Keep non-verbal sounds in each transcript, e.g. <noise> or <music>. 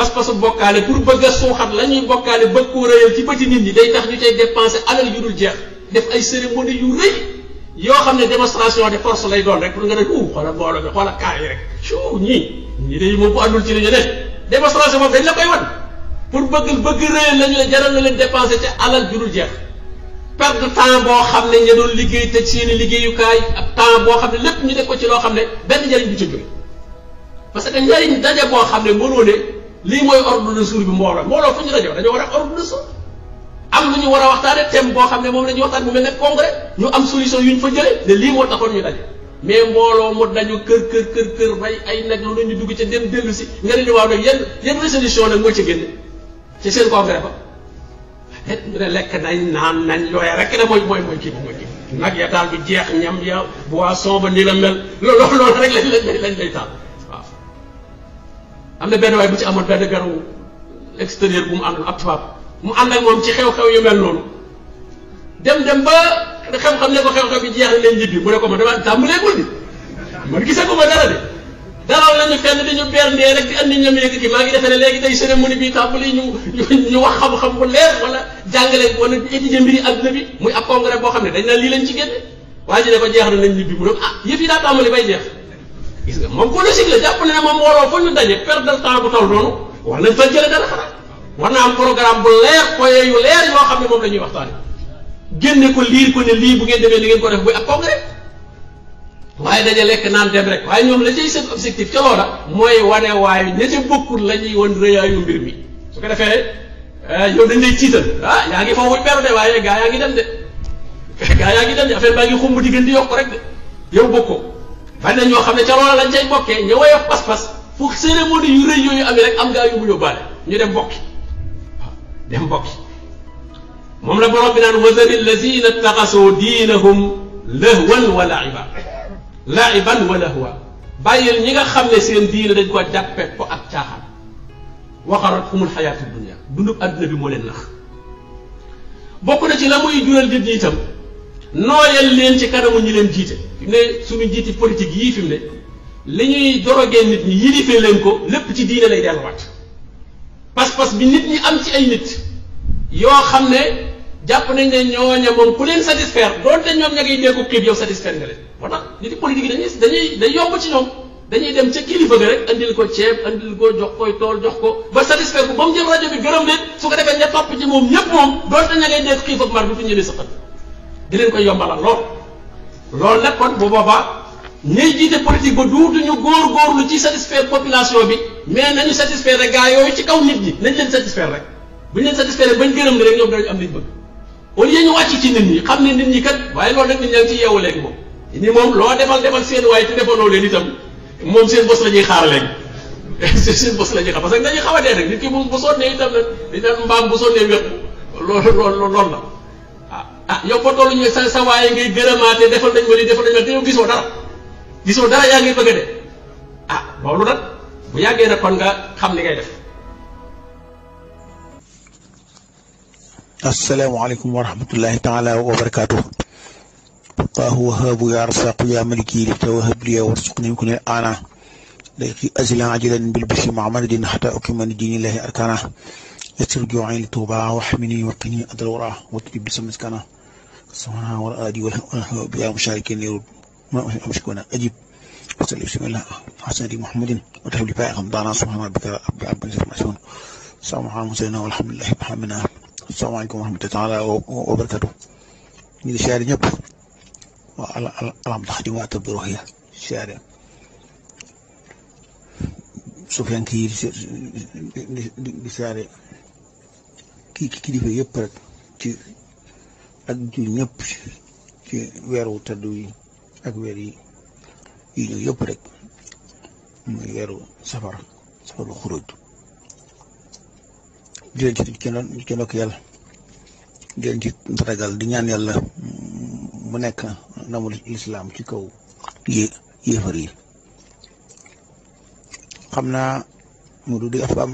pas-pasu bokkaale pour bëgg soxat lañuy la ba ko bëgg ci bëti nit ñi day tax ñu tay dépenser alal yu dul jeex def ay cérémonie yu reuy yo xam démonstration de force lay doon rek pour nga ne uh xala mbooloo bi xala kaay rek ciu ñi ñi day mo bu adul ci li ñu ne démonstration moom dañ la koy wan pour bëgg bëgg rëyal lañu la jaral na leen dépensé ci alal yu dul jeex perdre temps bo xam ñu doon liggéey te ci ñi liggéey yu kaay ak temps bo xam lepp ñu def ko ci lo xam ne benn njariñ du ci jóge parce que njariñ dajé bo xam ne mënoo ne lii mooy ordre de jour bi mbooloo mbooloo fu ñu rajo dañoo war a ordre de jour am lu ñu war a waxtaane thème boo xam ne moom la ñuy waxtaan bu mel ne congrès ñu am solution yu ñu fa jëlee ne lii moo taxoon ñu daje mais mbooloo mu dañu kër kër kër kër rey ay nag lu ñu dugg ca dem dellu si nga ne ni waaw nag yenn yenn résolution nag moo ci génne ci seen congrès ba et ñu ne lekk nañ naan nañ looya rek ne mooy mooy mooy kii bi mooy kii nag ya daal du jeex ñam ya boisson ba ni la mel loolu loolu rek lañ lañ am na benn waay bu ci amoon benn garabu extérieur bu mu ànd ab tubaab mu ànd ak moom ci xew-xew yu mel noonu dem dem ba xam-xam ne ko xew bi jeex na leen ñibbi mu ne ko ma dama tàmbaleegul ni man gisaguma ma dara de dalaw lañu fenn di maa ngi defe ne léegi tey cérémonie bi tàmbali xam-xam bu leer wala jàngale wala étudier mbiri àdduna bi muy ab congrès boo xam ne dañ naan lii lañ ci génn waa ji ne jeex na nañ ñibbi mu ne ah yëf yi daa tàmbali bay jeex gis nga moom ko logique la jàpp ne ne moom mbooloo fa ñu daje perdre temps bu toll noonu war nañ fa jële dara xanaa war naa am programme bu leer poye yu leer yoo xam ne moom la ñuy waxtaane génne ko lii ko ne lii bu ngeen demee ni ngeen ko def buy ak congrès waaye dañu lekk naan dem rek waaye ñoom la cay seen objectif ca loola mooy wane waaye ña ca bokkul la ñuy wan rëyaayu mbir mi su ko defee eh, yow dañ lay tiital ah yaa ngi foofu peru de waaye yaa ngi dem de <laughs> gaa yaa ngi dem de affaire baa ngi di gën di yokk rek de yow bokkoo bari na ñoo xam ne ca loola lañ cay bokkee ñu woyof pas-pas fu cérémonie yu rëy yooyu amee rek am gaa yu mu yóbbaale ñu dem bokki waaw dem bokki moom la borom bi naan wasari lazina taxasoo diinahum lëhwan wa laiba laiban wa lëhwa bàyyil ñi nga xam ne seen diine dañ ko jàppe ko ak caaxaan waxarat xumul xayaatu dunia dundub àdduna bi moo leen nax bokk na ci la muy jural nit ñi itam nooyal leen ci kanamu ñi leen jiite ne su suñu njiiti politique yii fi mu ne li ñuy dorogee nit ñi yilifee leen ko lépp ci diine lay delluwaat pas-pas bi nit ñi am ci ay nit yoo xam ne jàpp nañ ne ñooña moom ku leen satisfaire doonte ñoom ña ngi déggu xiib yow satisfaire nga leen moo tax nit politique yi dañuy dañuy day yomb ci ñoom dañuy dem ca kilifa ga rek andil ko ceeb andil ko jox koy tool jox ko ba satisfaire ko ba mu jël rajo bi gërëm leen su ko defee ña topp ci moom ñëpp moom doonte ña ngay dégg xiif ak mar bi fi sa xët di leen koy yombalal lool loolu nag kon bu boobaa ñuy jiite politique ba duutuñu góor-góorlu ci satisfaire population bi mais nañu satisfaire rek gaa yooyu ci kaw nit ñi nañ leen satisfaire rek bu ñu leen satisfaire bañ gërëm ne rek a danañ am liñ bëgg au lieu ñu wàcc ci nit ñi xam ne nit ñi kat waaye loolu nag nit ñaa ngi ci yeewu léegi moom loo defal defal seen waaye te defaloo leen itam moom seen bos la ñuy xaar léegi <laughs> seen bos la ñuy xaar parce que dañuy xaw a dee nit ki moom bu sonnee itam nag di daan mbaam bu sonnee wépp loolu loolu la ah yow ba tollu ñu sa sa waaye ngay gërëmaate defal nañ ma lii defal nañ ma te yow gisoo dara gisoo dara yaa ngi bëgg a de ah loolu nag bu yàggee nag kon nga xam li ngay def. asalaamaaleykum wa rahmatullahi taala wa barakaatu. Allahu wahaabu yaa rasaaqu yaa maliki li tawahab ya warsuqni ku ne ana dayqi azilan ajilan bil bisi muhammadin xata ukima ni diini lahi arkana yasir juwaani li tuuba waxmini waqini adal wara watudib bisa miskana سبحانها والآدي والنحو بها مشاركين يرد ما أمسكنا أجيب وصلي بسم الله حسن محمد لي لباء غمضانا سبحان ربك رب عبد المسؤول السلام عليكم سيدنا والحمد لله بحمدنا السلام عليكم ورحمة الله تعالى وبركاته من الشارع وعلى وعلام تحدي واعتبر هي الشارع سفيان كي لشارع كي كي كي كي كي كي ak jur ñëpp ci wéru tëdd yi ak weer yi yi ñu yëpp rek muy wéru safar safaru xuruj di leen ci di kenn di kenn yàlla di leen ci ragal di ñaan yàlla mu nekk namu lislaam ci kaw yé yéefar yi xam naa mu du di afam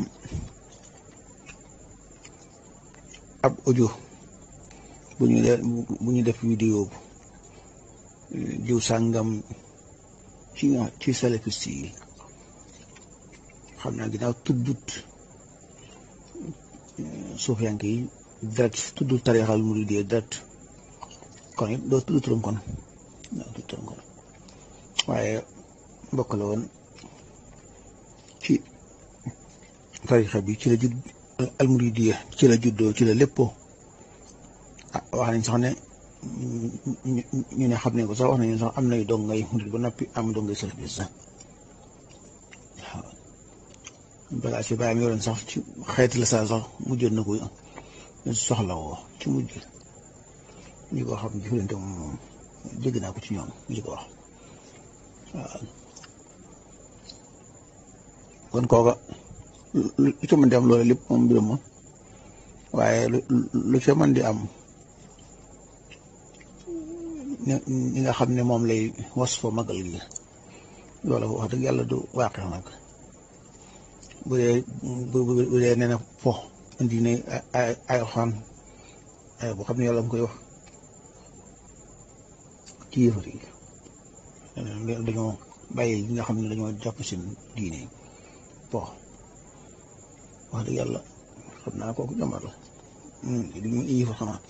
ab audio bu ñu def bu ñu def bu diw sàngam ci ci salafiste yi xam naa ginnaaw tuddut euh, suufiyanke yi direct tuddut tarixal muridee direct kon yi doo tudd turam kon waaye mbokk la woon ci tarixa bi ci la judd al ci la juddoo ci la léppoo wax nañ sax ne ñu ne xam nañ ko sax wax nañu sax am nay dongay murit ba noppi am dongay sëriñ bi sax waaw bagage yi bàyyam yoroon sax ci xeeti la sax sax mujjoon na ko soxla woo ci mujj ñu ko xam jëflante moom dégg naa ko ci ñoom ñu ko wax waaw kon kooka lu ca mën di am loolu lépp moom mbiram ma waaye lu ca mën di am ñi nga xam ne moom lay wasfa magal gi loolu wax dëgg yàlla du waaqe nag bu dee bu dee nee na po indi ay ay xam ne yàlla mu koy wax ci yëfar yi dañoo bàyyi ñi nga xam ne dañoo jàpp seen diine po wax dëgg yàlla xam naa kooku jombar la li hmm, ñu yëfar xanaa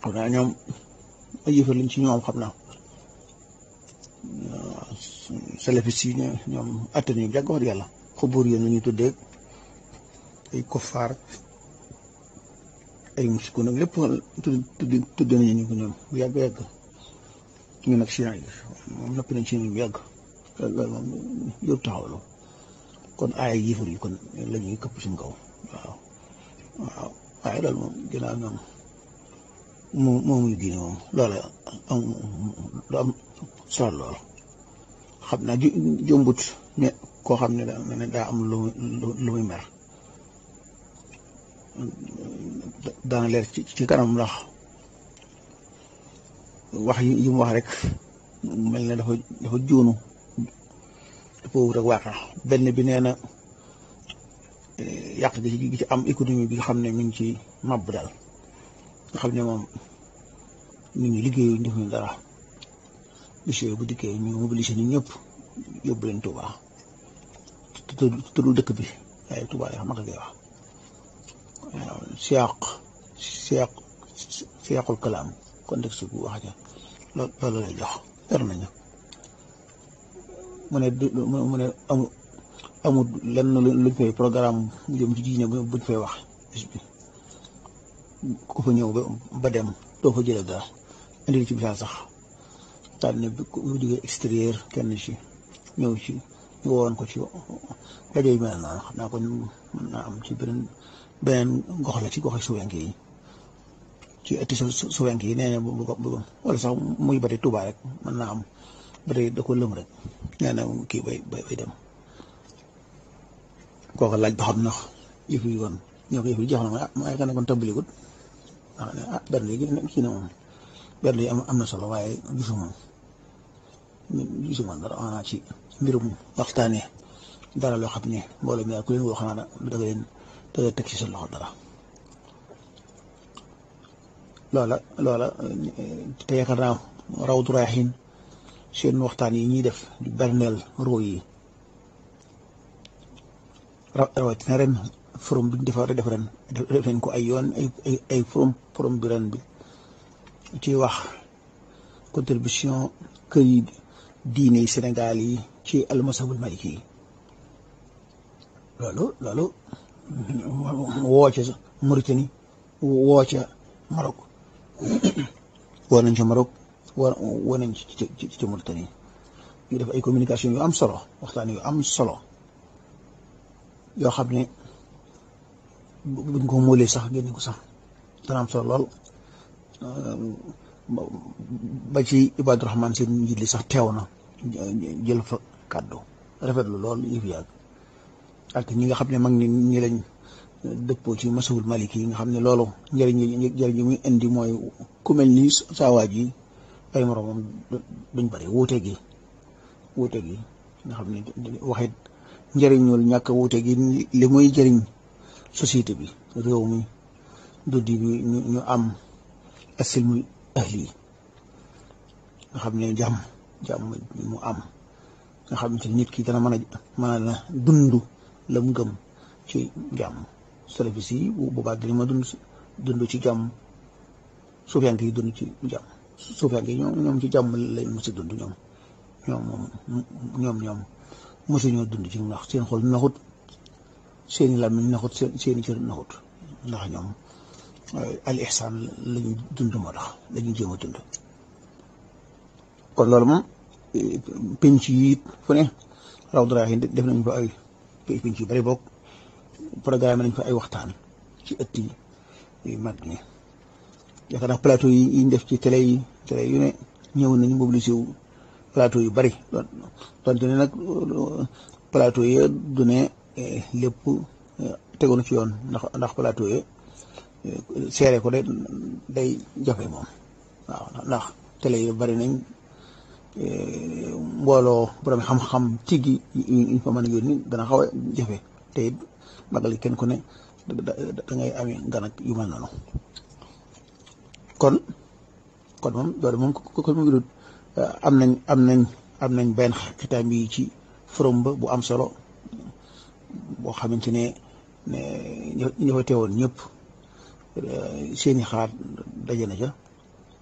xam naa ñoom ay yëfër lañ ci ñoom xam naa salafis yi ñoom attan yu jàgg wax dëgg yàlla xubur yéen ñuy tuddee ay kofaar ay musiku nag lépp tudd nañu ñu ko ñoom bu yàgg yàgg ñu nag Chine yi moom noppi nañ Chine bu yàgg loolu moom yóbbu taxawlu kon ay yëfër yi kon la këpp suñ kaw waaw waaw waaye loolu moom ginnaaw ñoom. moom moomuy diine moom loola am lu am solo lool xam naa ju jëmbut koo xam ne daa daa am lu lu muy mer daana leer ci ci kanam ndax wax yi mu wax rek mel na dafa dafa juunu dafa wut ak waaqa benn bi nee na eh, yàq gi ci am économie bi xam ne mi ngi ci màbb daal nga xam ne moom ñun ngi liggéey def ñu dara bis yooyu bu dikkee ñu mobilisé ñun ñëpp yóbbu leen Touba te dëkk bi waaye Touba yoo xam nga koy wax si siyaq siyaq siyaqul kalaam contexte bu wax ja loolu lay jox yor nañu mu ne mu ne amul amul lenn luñ fay programme jëm ci diine buñ fay wax ko fa ñëw ba ba dem doo fa jëlee dara indi ci misaal sax tànn bi ku jógee extérieur kenn ci ñëw ci ñu woon ko ci rajo yu mel xam naa ko mën naa am ci beneen beneen gox la ci goxi suwenke yi ci ëtti suwenke yi nee na bu ko wala sax muy naa am ba tey da ko lëm rek nee kii bay bay dem kooku laaj ba xam ndax yëf yi yoon ñoo ko yëf yi jox na ma ah ma yaakaar ne kon tàmbaliwul berle gi ci ne moom berle yi am na solo waaye gisu moom gisu moom dara ana ci mbirum waxtaane dara loo xam ne mbooloo mi ku leen woo xanaa da nga leen da nga teg ci sa loxo dara loola loola te yaakaar naa rawdu raaxiin seen waxtaan yi ñuy def di berneel roo yi rawatina ren forom bi ñu defar def ren nañ ko ay yoon ay ay ay forom forom bi ren bi ci wax contribution kër yi diine yi yi ci almasabul maliki yi loolu loolu woo ca Mauritanie woo ca Maroc woo nañ ca Maroc woo nañ ci ci Mauritanie ñu def ay communication yu am solo waxtaan yu am solo yoo xam ne buñ ko moolee sax génne ko sax dana am solo lool um, ba ci Ibaadu Rahmaan seen njiit li sax teew na jël fa kàddu rafet lu lool yëf yàgg ak ñi nga xam ne mag ñi ñi lañ dëppoo ci masawul malik yi nga xam ne loolu njëriñ njëriñ muy indi mooy ku mel ni saawaaj yi ay moroomam duñ bëri wuute gi wuute gi nga xam ne waxit njëriñul ñàkk wuute gi li muy jëriñ société bi réew mi duddi bi ñu am asilmul ahli nga xam ne jàmm jàmm mu am nga xam ne nit ki dana mën a mën a dund la mu gëm ci jàmm salafis yi bu boobaa dinañ ma dund dund ci jàmm suufiyanke yi dund ci jam suufiyanke yi ñoom ci jàmm lañ mos a dund ñoom ñoom moom ñoom ñoom mosuñoo dund ci ndax seen xol naxut seeni làmmiñ naxut seen seeni cër naxut ndax ñoom eh, al ihsaan la ñuy dund moo tax la ñuy a dund kon loolu moom eh, penc yi fu ne raw def nañ fa ay penc yu bëri boog programme nañ fa ay waxtaan ci ëtt yi mag ñi yaakaar naa plateau yi yi ñu def ci télé yi télé yu ñëw nañ mobilisé wu plateau yu bëri donte ne nag plateau yi du Eh, lépp eh, tegoon ci yoon ndax ndax plateau yi eh, ko de day jafe moom waaw ndax télé yi bari nañ mbooloo borom xam-xam tiggi ñu fa mën a yónni dana xaw a jafe te it kenn ku ne da ngay amee gan ak yu mel kon kon moom loolu moom ko mu wirut am nañ am nañ am nañ benn xitaam bi ci forum ba bu am solo boo xamante ne ñi fa teewoon ñëpp eh, seeni xalaat daje na ca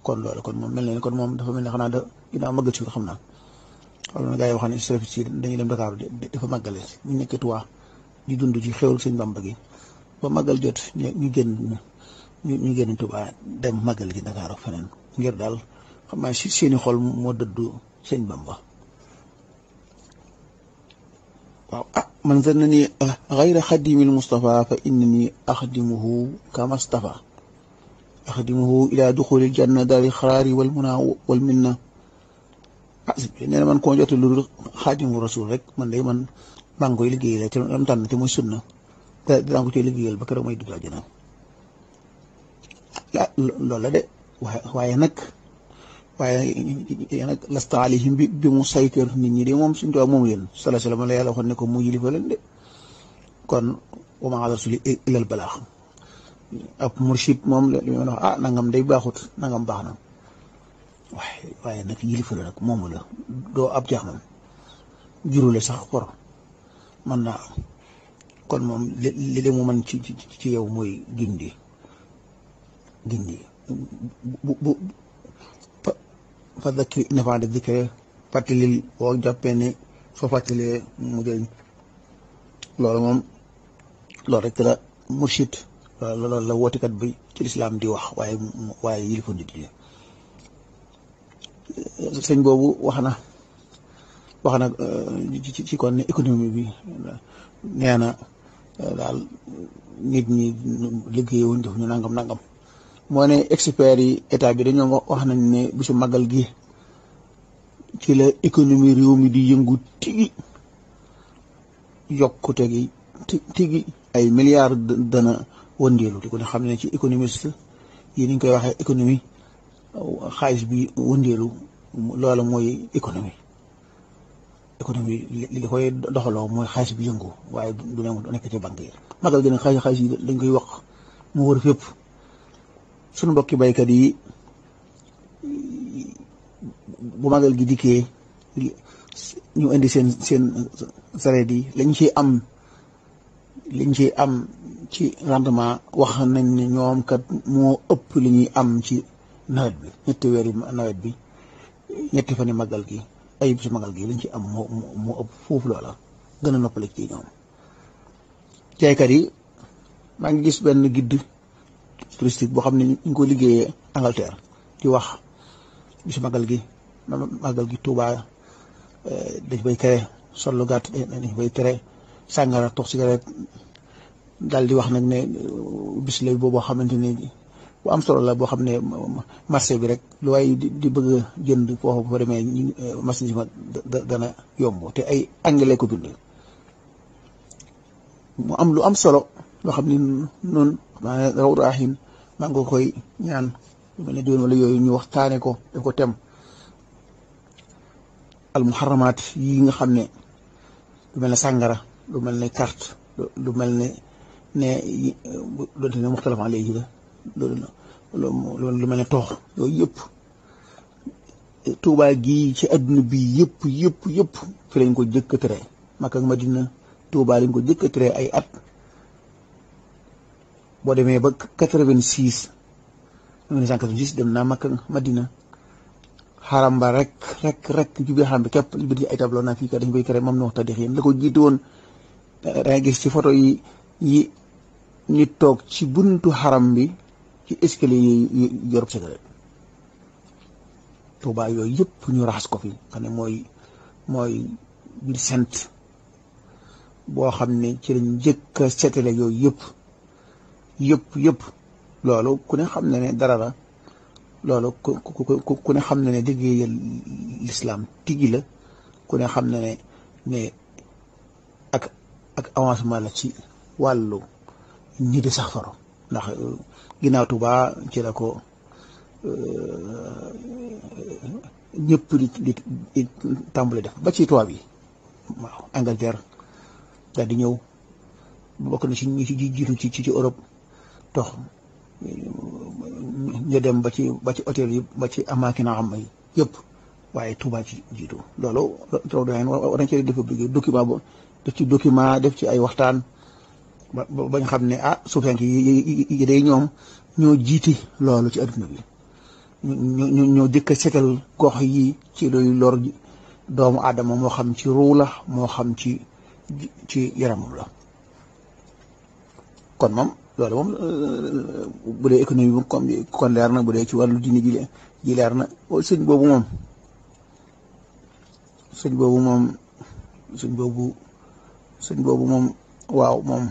kon loolu kon moom mel na kon moom dafa mel ne xanaa da ginnaaw màggal si ko xam naa xam na gaa yi wax ne service yi dañuy dem Dakar dafa màggale si ñu nekk Tuubaa dund ci xéwal sëñ Bàmba gi ba màggal jot ñu génn ñu génn Tuubaa dem màggal ci Dakar ak feneen ngir daal xam naa si seeni xol moo dëddu sëñ Bàmba waaw ah, man zannani xayra ah, xadimil Mustafa fa innani axdimuhu kama stafa axdimuhu ila duxulil janna daari xaraari wal muna wal minna ah nee na man koo jotul lu dul xaadimu rasul rek man day man maa ngi koy liggéeyal rek te lu am tànn te muy sunna te ba keroog may dugg àjjana loolu de waaye nag. waaye lasta alayhim bi bi mu saytir nit ñi de moom suñu tubaab moom leen sala sallam la yàlla waxoon ne ko mu yilifa leen de kon wa moom la ah, nangam day baaxut nangam baax na waaye nag yilifa la nag moomu la doo ab jaamam jurule sax xor man naa kon moom li li mu mën ci ci yow mooy gindi gindi bu bu. fa dakki inafande dikkee fàttalil boo jàppee ni soo fàttalee mu jëriñ loolu moom loolu rek la mursid loolu la wootikat bi ci lislaam di wax waaye waaye yilifa nit ñi sëñ boobu wax na wax na euh, ci kon ne économie bi nee na euh, daal nit ñi liggéey woon def ñu nangam nangam moo ne experts yi état bi dañoo wax nañ ne bu si màggal gi ci la économie réew mi di yëngu tigi yokkute gi tigi ay milliards dana wëndeelu di ko ne xam ne ci économiste yi niñ koy waxee économie xaalis bi wëndeelu loola mooy économie économie li koy doxaloo mooy xaalis bi yëngu waaye du ne nekk ci banque yi màggal gi nag xaalis xaalis yi dañ koy wax mu wër fépp sunu mbokki baykat yi bu magal gi dikkee ñu indi seen seen sareet yi lañ ci am liñ ci am ci rendement wax nañ ni ñoom kat moo ëpp li ñuy am ci nawet bi ñetti weer yi nawet bi ñetti fan yi magal gi ay ci magal gi lañ ci am moo moo ëpp foofu loola gën a noppale ci ñoom jaaykat yi maa ngi gis benn gidd touristique boo xam ne ñu ngi ko liggéeyee Angleterre di wax bisu màggal gi nanu màggal gi Touba eh, dañ koy tere sol lu gàtt eh, dañ koy tere sàngara toog cigarette daal di wax nag ne eh, bis la boobu xamante ne solo la boo xam ne marché bi rek lu waaye di bëgg a jënd foofu bu fa demee ma dana yomb te ay anglais ko bind am lu am solo loo xam ne noonu raw rahim maa ngi koy ñaan mu ne déwén wala yooyu ñu waxtaane ko def ko tem al muharramaat yi nga xam ne lu mel ne sàngara lu mel ne carte lu mel ne ne doonte lu mel ne toox yooyu yëpp Touba gi ci adduna bi yëpp yëpp yëpp fi lañ ko jëkkatere Makka ma Madina Touba lañ ko jëkkatere ay at boo demee ba quatre-vingt-six mille neuf cent quatre-vingt-six dem naa Makka Madina xaram ba rek rek rek jubi xaram bi képp li bind ay tableau naa fii kat dañ koy créé moom na wax ko jiitu woon photo yi yi nit toog ci buntu xaram bi ci escalier yi yor cigarette Tuubaa yooyu yëpp ñu raxas ko fi xam ne mooy mooy bir sent boo xam ne ci lañ njëkk a yooyu yëpp yëpp yëpp loolu ku ne xam na ne dara la loolu ku ku ku ne xam na ne liggéeyal lislaam tigi la ku ne xam na ne ne ak ak avancement la ci wàllu ñi di sax faro ndax euh, ginnaaw Tuubaa ci la ko euh, ñëpp di di di tàmbali def ba ci tubaab yi waaw Angleterre daal di ñëw bokk na ci ñi ci jiitu ci ci Europe tox ñu dem ba ci ba ci hôtel yi ba ci amaakina xam yi yëpp waaye tubaa ci jiitu loolu taw doyen war nañ cee def document bu def ci ay waxtaan ba ba xam ne ah suufenk yi yi day ñoom ñoo jiiti loolu ci adduna bi ñu ñu ñoo dëkk setal gox yi ci luy lor doomu aadama moo xam ci ruu moo xam ci ci yaramam la kon moom. loolu moom euh, bu dee économie bi comme kon leer na bu dee ci wàllu diine ji ji leer na sëñ boobu moom sëñ boobu moom sëñ boobu sëñ boobu moom waaw moom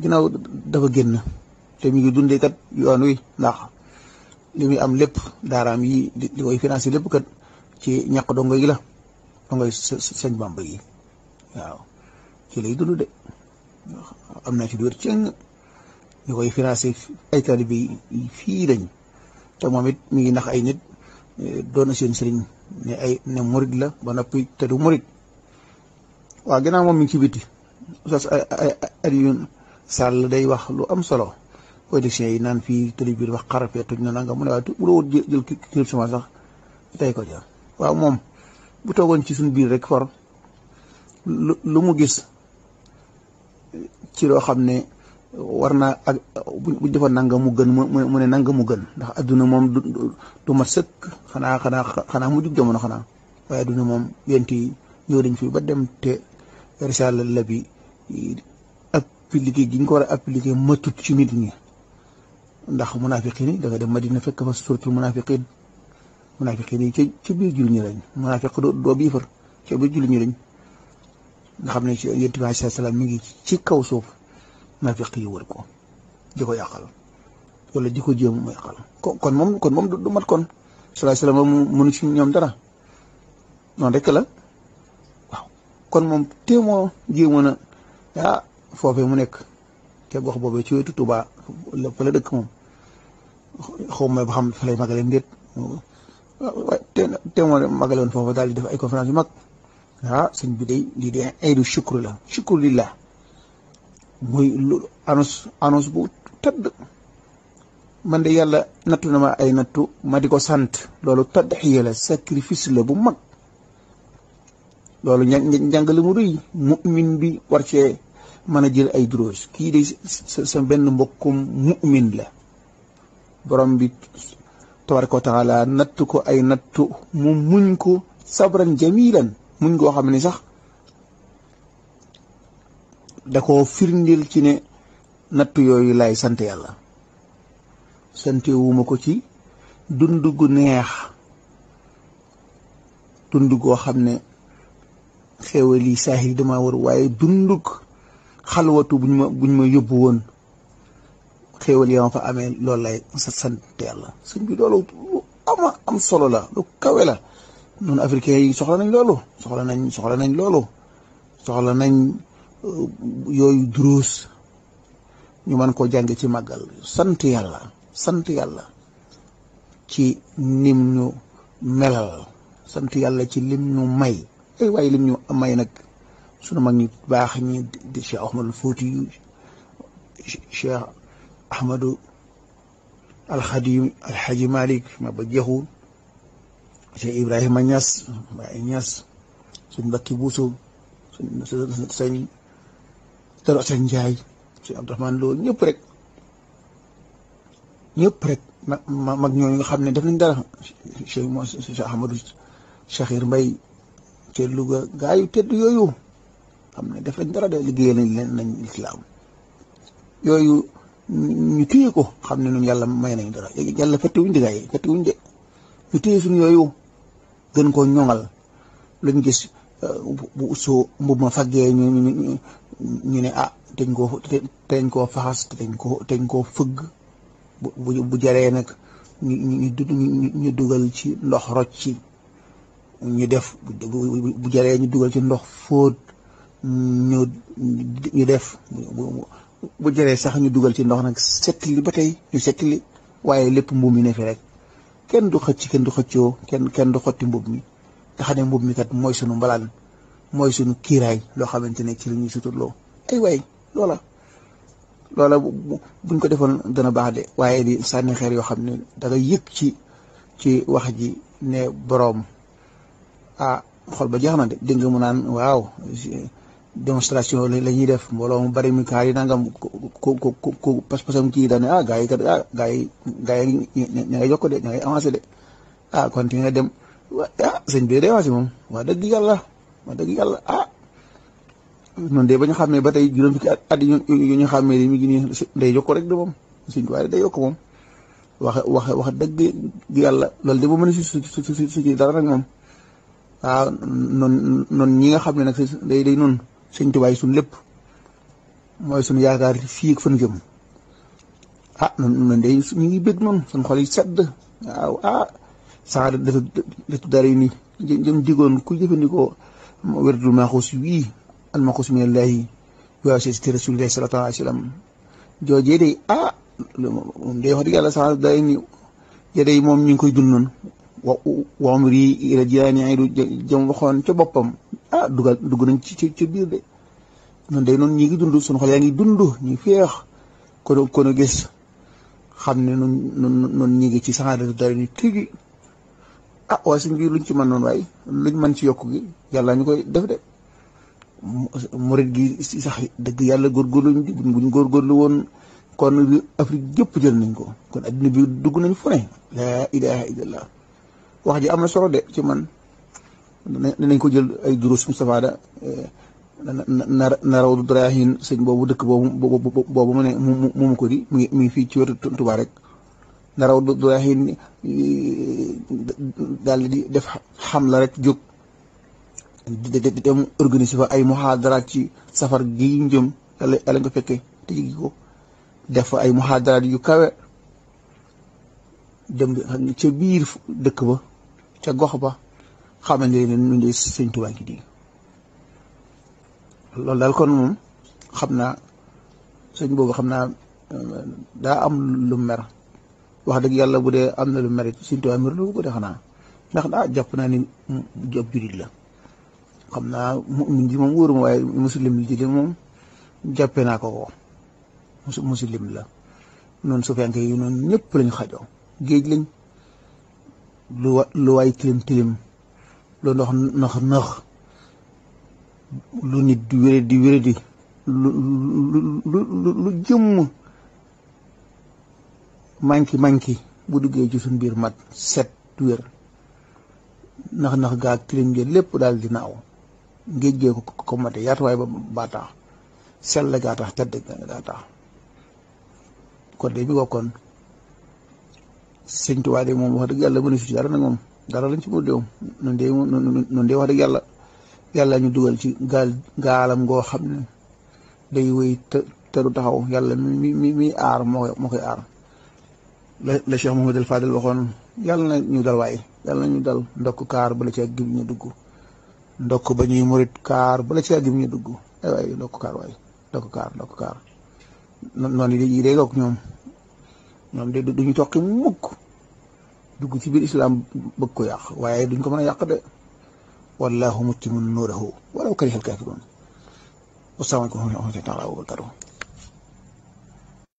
ginnaaw dafa génn te mi ngi dundee kat yoon wi ndax li muy am lépp daaraam yi li koy financé kat ci ñàkk dongo yi la dongo yi sëñ Bamba yi waaw ci lay dund de am naa ci dóor ci ñu koy financé ay taalibe fii lañ te moom it mi ngi nax ay nit doon na seen sëriñ ne ay ne murit la ba noppi te du murit waa ginnaaw moom mi ngi ci biti oustaz Alioune day wax lu am solo politiciens yi naan fii tëli biir wax xarafee tuñ na nanga sax tey ko ja waaw moom bu toogoon ci suñu biir rek for lu mu gis ci loo xam ne war naa ak buñ defoon nanga mu gën mu ne nanga mu gën ndax adduna moom du du mat sëkk xanaa xanaa xanaa mu jug jamono xanaa waaye adduna moom yent yi ñëw dañ fi ba dem te risaala la bi appliqué gi ko war a appliqué matut ci yi ñi ndax munaafiqiin yi da nga dem Madina fekk fa suratul munaafiqiin munaafiqiin yi ca ca biir jullit ñi lañ munaafiq doo biifar ca biir jullit ñi nga xam ne ci yonent bi alayhi salaam mi ngi ci kaw suuf naafiq yi wër ko di ko yàqal wala di ko jéem mu yàqal kon moom kon moom du mat kon sallallahu alayhi mu mënu ci ñoom dara noonu rek la waaw kon moom téemoo jéemoon a ah foofee mu nekk ke gox boobee ci wetu tubaa la fa la dëkk moom xaw ma ba xam fa lay magalee ndéet waaye téemoo magale woon foofa daal di def ay conférence yu mag. ah sëñ bi day lii day aydu shukru la shukru lillah muy lu annonce annonce bu tëdd man de yàlla nattu na ma ay nattu ma di ko sant loolu la sacrifice la bu mag loolu njàngale mu rëy mu'min bi war cee mën a jël ay droge kii de sa mu'min la borom bi taala ko ay nattu mu muñ ko sabran jamilan muñ goo xam ni sax da koo firndil ci ne nattu yooyu lay sante yàlla sante wuma ko ci dundu gu neex dund goo xam ne xéewal yi yi dama war waaye dundug xalwatu buñ ma buñ ma yóbbu woon xéewal ya ma fa amee loolu lay sant yàlla sëñ bi loolu lu ama am solo la lu kawe la noonu africain yi soxla nañ loolu soxla nañ soxla nañ loolu soxla nañ euh, yooyu duruus ñu mën koo jàng ci màggal sant yàlla sant yàlla ci nim ñu melal sant yàlla ci lim ñu may ay eh, waaye lim ñu may nag sunu mag ñu baax ñi di Cheikh Ahmadul alxadi Cheikh Ahmadou Al ma ba jeexu Cheikh Ibrahima Niass Baye Niass suñ Mbakki Bousso suñ sañ Taro sañ Njaay suñ Abdourahmane loolu ñëpp rek ñëpp rek mag mag ñooñu nga xam ne def nañ dara Cheikh mo Cheikh Ahmadou Chahir Mbay te Louga gaa yu tedd yooyu xam ne def nañ dara de liggéey nañ leen nañ lislaam yooyu ñu téye ko xam ne ñun yàlla may nañ dara yàlla fàttewuñ de gaa yi fàttewuñ de ñu téye suñu yooyu gën koo ñoŋal lañ gis uh, bu usoo mbub ma faggee ñu ñu ne ah teñ koo koo faxas teñ koo teñ koo fëgg bu jaree nag ñu dugal ci ndox rocc ci ñu def bu jaree ñu dugal ci ndox fóot ñu def bu jaree sax ñu dugal ci ndox nag settali ba tey ñu settali waaye lépp mbuum yi ne fi rek kenn du xëcc kenn du xëccoo kenn kenn du xotti mbub mi te xam ne mi kat mooy sunu mbalaan mooy sunu kiiraay loo xamante ne ci la ñuy suturloo ay waay loola loola buñ ko defoon dana baax de waaye di sànni xeer yoo xam ne da nga yëg ci ci wax ji ne boroom ah xol ba jeex na de dégg nga mu naan waaw démonstration la ñuy def mbooloomu mu bari mi kaar yi ko ku ku ku pas-pasam kii daal ne ah gars yi kat ah gars yi gars yi ña ngay jokk de ña ngay avancé de ah continué dem ah sëñ bi day avancé moom wax dëgg yàlla wax dëgg yàlla ah noonu de ba ñu xàmmee ba tey juróom fukki at yu ñu xàmmee mi ngi nii rek de moom sëñ bi yokk moom wax wax wax dëgg yàlla loolu de ba mën a si su su su dara nag moom waaw ñi nga xam ne nag day day noonu. sëñ tubaay suñ lépp mooy suñu yaakaar fii ak fan jëm ah noonu day ñu ngi bég noonu suñ xol yi sedd waaw ah saxaada dafa dafa dara yi nii jëm digoon ku jëfandikoo wérdul maxuus wii al maxuus min allahi waa si ti rasulillahi sallallahu alayhi wa joojee day ah moom day wax dëgg yàlla saxaada dara yi moom ñu ngi koy dund noonu wa umri ila jiyaani ay du jëm waxoon ca boppam ah dugal dugg nañ ci ci ci biir de noonu day noonu ñi ngi dund suñu xol yaa ngi dund ñu feex kono kono gis xam ne noonu noonu ñi ngi ci saxaar def dara ñu tigi ah bi luñ ci mën noonu waaye luñ mën ci yokk gi yàlla ñu koy def de murit gi sax dëgg yàlla góorgóorluñ buñ góorgóorlu woon kon bi Afrique jëpp jël nañ ko kon adduna bi dugg nañ fu ne laa ilaha illallah wax ji am na solo de ci man dinañ ko jël ay durus Moustapha da eh, na na raw du Ibrahim sëñ boobu dëkk boobu boobu mu ne mu ko di mu ngi mu ngi fii ci wetu Touba rek na raw du Ibrahim eh, daal di def xam la rek jóg di dem organiser fa ay muhaadaraat ci safar gii ñu jëm yàlla yàlla te jigi ko def fa ay muhaadaraat yu kawe dem ca biir dëkk ba ca gox ba. xamal ne leen ñun de sëñ Tuubaa ngi nii daal kon moom xam naa sëñ boobu xam naa euh, daa am lu mer wax dëgg yàlla bu dee am na lu mer it sëñ Tuubaa de xanaa ndax ah naa ni job la xam naa mu'min ji moom wóoruma waaye muslim ji de moom jàppee naa ko ko muslim la noonu sufiyànke yi noonu ñëpp lañ xajoo géej lañ lu wa tilim tilim lu ndox nax nax lu nit di wéré di wéré di lu lu lu jëmm manki manki bu duggee ci suñ biir mat set wér nax nax gaag tilim gi lépp daal di naaw géej gee ko ko mate yaatuwaay ba baa tax sell gaa tax tedd gaa tax kon de ko kon sëñ de moom wax dëgg yàlla bénéfice dara nag moom dara lañ ci mën déwum nun de wax dëgg yàlla yàlla ñu dugal ci gaal gaalam ngoo xam ne day wéy te te du taxaw yàlla mi mi mi aar moo koy moo koy aar la la Cheikh Mohamed El Fadel waxoon yàlla na ñu dal waaye yàlla ñu dal ndokk kaar bala cee gib ñu dugg ndokk ba ñuy murit kaar bala cee gib ñu dugg ay waaye ndokk kaar waaye ndokk kaar ndokk kaar noonu yi day dokk ñoom ñoom de duñu toqi mukk دوغ في بير الاسلام بكو ياخ وايي دنج كو والله متم نوره ولو كره الكافرون والسلام عليكم ورحمه الله وبركاته